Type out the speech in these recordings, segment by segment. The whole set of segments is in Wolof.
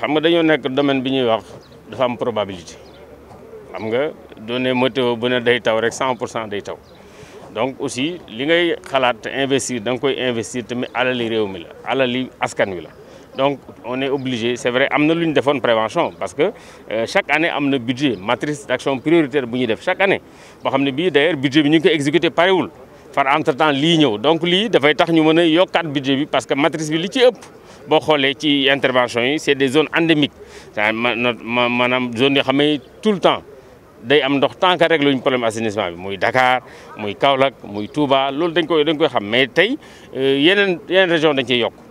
xam nga dañoo nekk domaine bi ñuy wax dafa am probabilité xam nga donné météo bu ne day taw rek 100% day taw donc aussi li ngay xalaat investir da nga koy investir tamit alali réew mi la alali askan wi la donc on est obligé c'est vrai am na lu ñu defoon prévention parce que euh, chaque année am na budget matrice d'action prioritaire bu ñuy def chaque année boo xam ne bii d'ailleurs budget bi ñu ngi koy exécuté parewul par entre temps donc ñëw donc lii dafay tax ñu mën a yokkaat budget bi parce que matrice bi li ci ëpp boo xoolee ci intervention yi c'est des zones endémiques maanaam zone yoo xam tout le temps day am ndox tant que rek luñ problème assainissement bi muy Dakar muy Kaolack muy Touba loolu dañ koy dañ koy xam mais tey euh, yeneen yeneen région dañ ciy yokk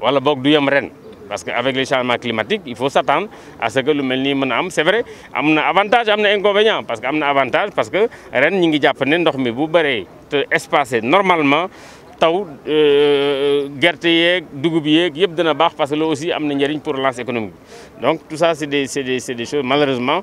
wala bok du yam ren parce que avec les changements climatiques il faut s'attendre à ce que le melni nii am c'est vrai amna avantage et inconvénient parce que amna des avantage parce que ren ñi ngi japp ne ndox mi bu te espacé normalement taw euh, gerte yeeg dugub yeeg yeb dina bax parce que le aussi des ñariñ pour la relance donc tout ça c'est des c'est des choses malheureusement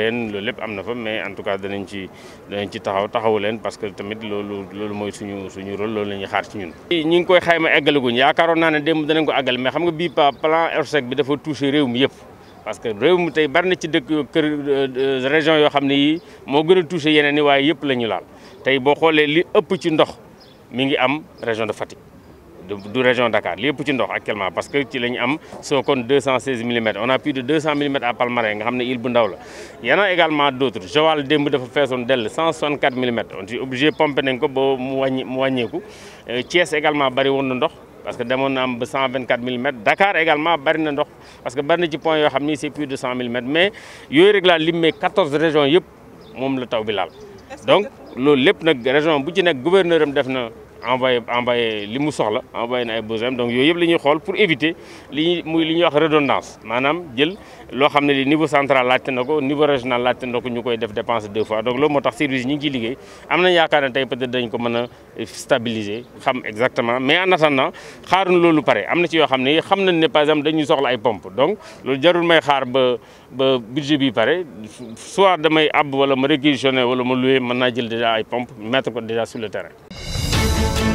reen loolu lépp am na fa mais en tout cas danañ ci danañ ci taxaw taxawu leen parce que tamit loolu loolu mooy suñu suñu rôle loolu la ñuy xaar ci ñun. ñu ngi koy xayma eggalaguñ yaakaaroon naa ne démb danañ ko àggal mais xam nga bii pa plan Orsec bi dafa touché réew mi yëpp. parce que réew mi tey bari na ci dëkk kër euh, euh, région yoo xam ne yii moo gën a touché yeneen yi waaye yëpp la ñu laal tey boo xoolee li ëpp ci ndox mi ngi am région de Fatick. du région Dakar lépp ci ndox actuellement parce que les gens sont am 216 mm. on a plus de 200 mm à Palmarin nga il Il y en a également vois le Joal de faire son del 164 mm. on est obligé de pomper un ko pour mu wàññi euh, Thiès également bari woon parce que demoon na am ba 124 mm. Dakar également bari na parce que bari na ci plus de 100 mm. mais il y a limee 14 régions yëpp moom la taw bi donc le lépp nag région bu ci nekk gouverneur def envoyer envoyé li soxla envoyé ay besoin donc yooyu yëpp la pour éviter li muy li wax redondance manam jël lo xamné li niveau central laajte nako niveau régional laajte nako ñukoy def dépenses deux fois donc lo motax service ñi ngi ciy liggéey am nañ yaakaar ne peut-être dañ ko mëna stabiliser xam exactement mais en attendant xaaruñ lolu paré amna ci yo xamné xamnañ né par exemple dañuy soxla ay pompe donc lolu jarul may xaar ba ba budget bi paré soit damay ab wala ma réquisitionner wala ma louer mëna naa jël déjà ay pompe mettre ko déjà sur le terrain Thank you.